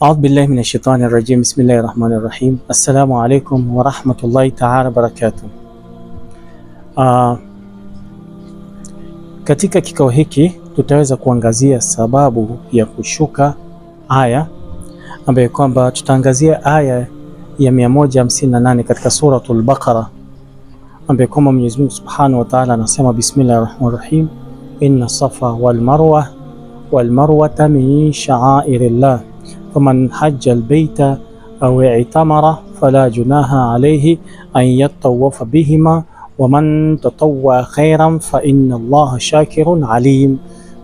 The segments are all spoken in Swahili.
Audhu billahi min shaitani rajim. Bismillahi rahmani rahim. Assalamu alaikum warahmatullahi taala wabarakatuh. Uh, ah, katika kikao hiki tutaweza kuangazia sababu ya kushuka aya ambayo kwamba tutaangazia aya ya 158 katika Suratul Baqara ambayo kwamba Mwenyezi Mungu Subhanahu wa Ta'ala anasema bismillahir rahmanir rahim, inna safa wal marwa wal marwata min sha'airillah faman hajja albaita au itamara fala junaha alayhi an yatawafa bihima waman tatawwa khairan fa inna allaha shakirun alim,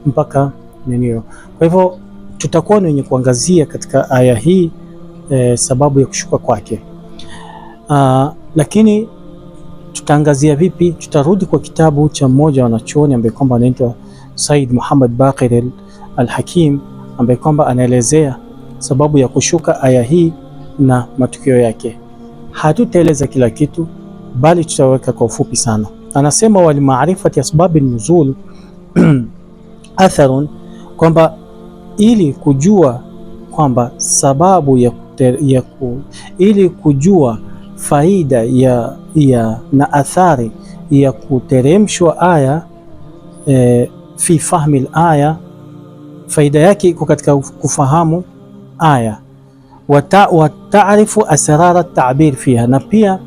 mpaka nenio. Kwa hivyo tutakuwa ni wenye kuangazia katika aya hii e, sababu ya kushuka kwake. Ah, lakini tutaangazia vipi? Tutarudi kwa kitabu cha mmoja wa wanachuoni ambaye kwamba anaitwa Said Muhammad Baqir al-Hakim ambaye kwamba anaelezea sababu ya kushuka aya hii na matukio yake. Hatutaeleza kila kitu, bali tutaweka kwa ufupi sana. Anasema walimaarifati asbabi nuzul atharun, kwamba ili kujua kwamba sababu ya, ya ku, ili kujua faida ya, ya na athari ya kuteremshwa aya e, fi fahmi al aya, faida yake iko katika kufahamu aya wataarifu wata asrara tabir fiha, na pia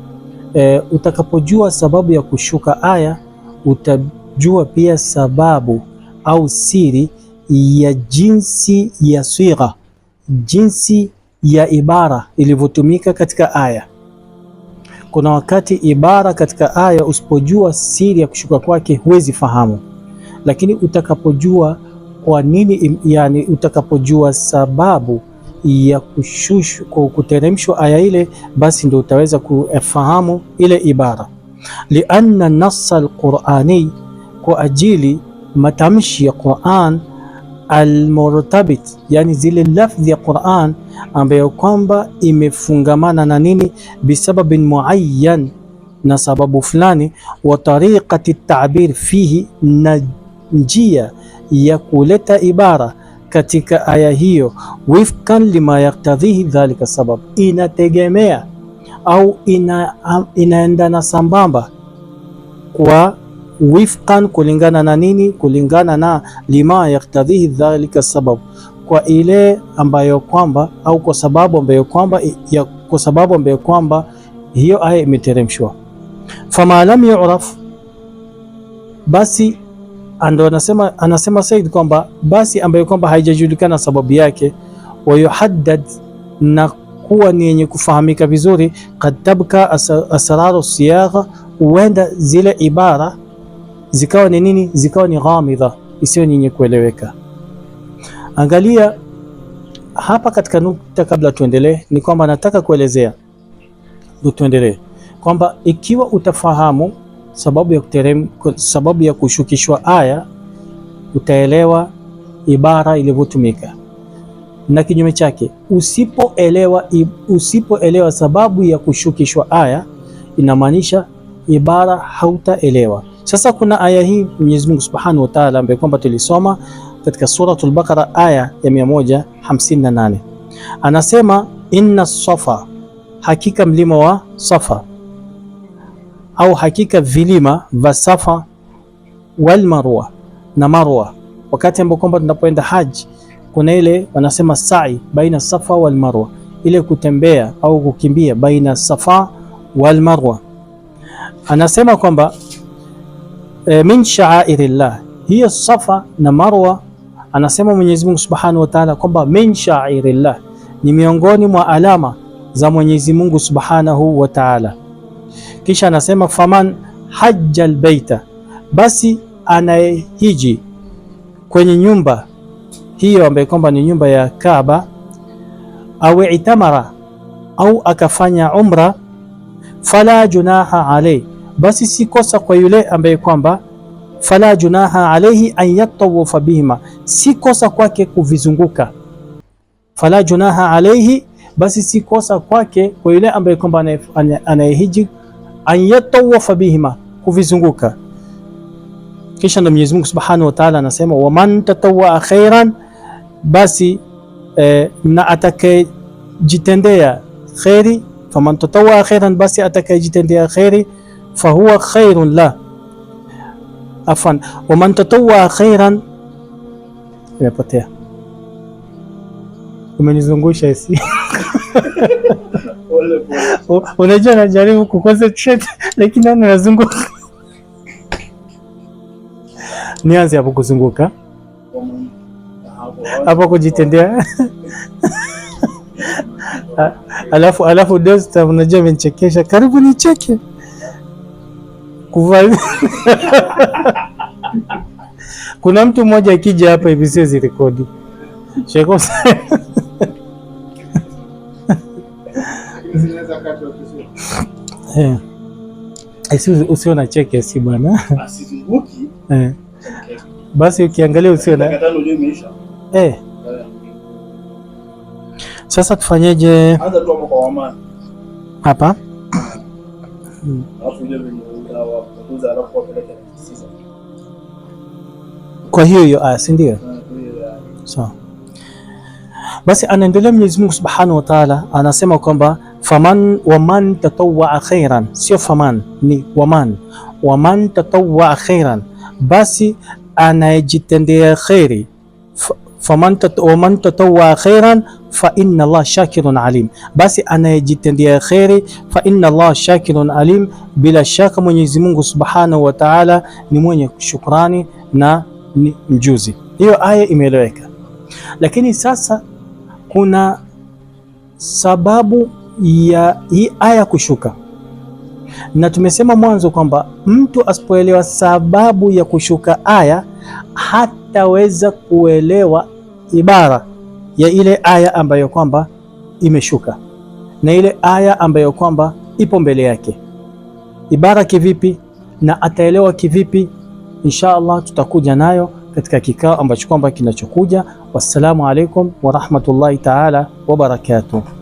e, utakapojua sababu ya kushuka aya utajua pia sababu au siri ya jinsi ya swigha, jinsi ya ibara ilivyotumika katika aya. Kuna wakati ibara katika aya usipojua siri ya kushuka kwake huwezi fahamu, lakini utakapojua kwa nini, yani utakapojua sababu ya kushushwa kuteremshwa aya ile, basi ndio utaweza kufahamu ile ibara lianna nassa alqurani, kwa ajili matamshi ya Quran almurtabit, yani zile lafdhi ya Quran ambayo kwamba imefungamana na nini, bisababin muayyan, na sababu fulani, wa tariqati tabir fihi, na njia ya kuleta ibara katika aya hiyo, wifkan lima yaktadhihi dhalika sababu inategemea au ina, inaendana sambamba kwa wifkan, kulingana na nini? Kulingana na lima yaktadhihi dhalika sababu kwa ile ambayo kwamba au kwa sababu ambayo kwamba ya, kwa sababu ambayo kwamba hiyo aya imeteremshwa. Fama lam yuraf, basi Ndo anasema, anasema Said kwamba basi ambayo kwamba haijajulikana sababu yake, wayuhaddad na kuwa ni yenye kufahamika vizuri, kad tabka asraru siyagha, huenda zile ibara zikawa ni nini, zikawa ni ghamidha, isiyo yenye kueleweka. Angalia hapa katika nukta, kabla tuendelee, ni kwamba nataka kuelezea, tuendelee kwamba ikiwa utafahamu sababu ya kuterem, sababu ya kushukishwa aya utaelewa ibara ilivyotumika na kinyume chake. Usipoelewa, usipoelewa sababu ya kushukishwa aya inamaanisha ibara hautaelewa. Sasa kuna aya hii Mwenyezi Mungu Subhanahu wa Ta'ala, ambaye kwamba tulisoma katika Suratul Baqara aya ya 158 anasema, inna safa, hakika mlima wa Safa au hakika vilima vya Safa wal Marwa na Marwa, wakati ambapo kwamba tunapoenda haji kuna ile wanasema sa'i baina Safa wal Marwa, ile kutembea au kukimbia baina Safa wal Marwa. Anasema kwamba e, min sha'airillah, hiyo Safa na Marwa anasema Mwenyezi Mungu Subhanahu wa Ta'ala kwamba min sha'airillah, ni miongoni mwa alama za Mwenyezi Mungu Subhanahu wa Ta'ala. Kisha anasema faman hajja albaita, basi anayehiji kwenye nyumba hiyo ambayo kwamba ni nyumba ya Kaaba, au itamara au akafanya umra, fala junaha alayhi, basi si kosa kwa yule ambaye kwamba fala junaha alayhi an yatawafa bihima, si kosa kwake kuvizunguka. Fala junaha alayhi, basi si kosa kwake kwa yule ambaye kwamba anayehiji an yatawafa bihima, kuvizunguka. Kisha ndo Mwenyezi Mungu Subhanahu wa Ta'ala anasema wa man tatawaa khairan, basi eh, na atakayejitendea khairi, faman tatawaa khairan, basi atakayejitendea khairi fahuwa khairun la afan, wa man tatawaa khairan, imepotea umenizungusha isi Unajua, najaribu ku concentrate lakini ana nazunguka. Nianze hapo kuzunguka hapo kujitendea, alafu alafu Dosta, unajua amenichekesha, karibu nicheke kuvaa kuna mtu mmoja akija hapa hivi siwezi rekodi shekosa Eh. Eh, usio na cheki asi bwana, eh. basi ukiangalia usio na eh. Sasa tufanyeje hapa? Kwa hiyo hiyo ah, si ndio? Sawa. Ah, ah. Basi anaendelea Mwenyezi Mungu Subhanahu wa Ta'ala anasema kwamba faman waman tatawaa khairan, sio faman ni waman. Waman tatawaa khairan, basi anayejitendea khairi waman tatawaa khairan fa inna Allah shakirun alim, basi anayejitendea kheri fa inna Allah shakirun alim, bila shaka Mwenyezi Mungu subhanahu wa taala ni mwenye shukrani na ni mjuzi. Hiyo aya imeeleweka, lakini sasa kuna sababu ya hii aya kushuka, na tumesema mwanzo kwamba mtu asipoelewa sababu ya kushuka aya hataweza kuelewa ibara ya ile aya ambayo kwamba imeshuka na ile aya ambayo kwamba ipo mbele yake, ibara kivipi na ataelewa kivipi? Insha Allah tutakuja nayo katika kikao ambacho kwamba kinachokuja. Wassalamu alaikum wa rahmatullahi taala wa barakatuh.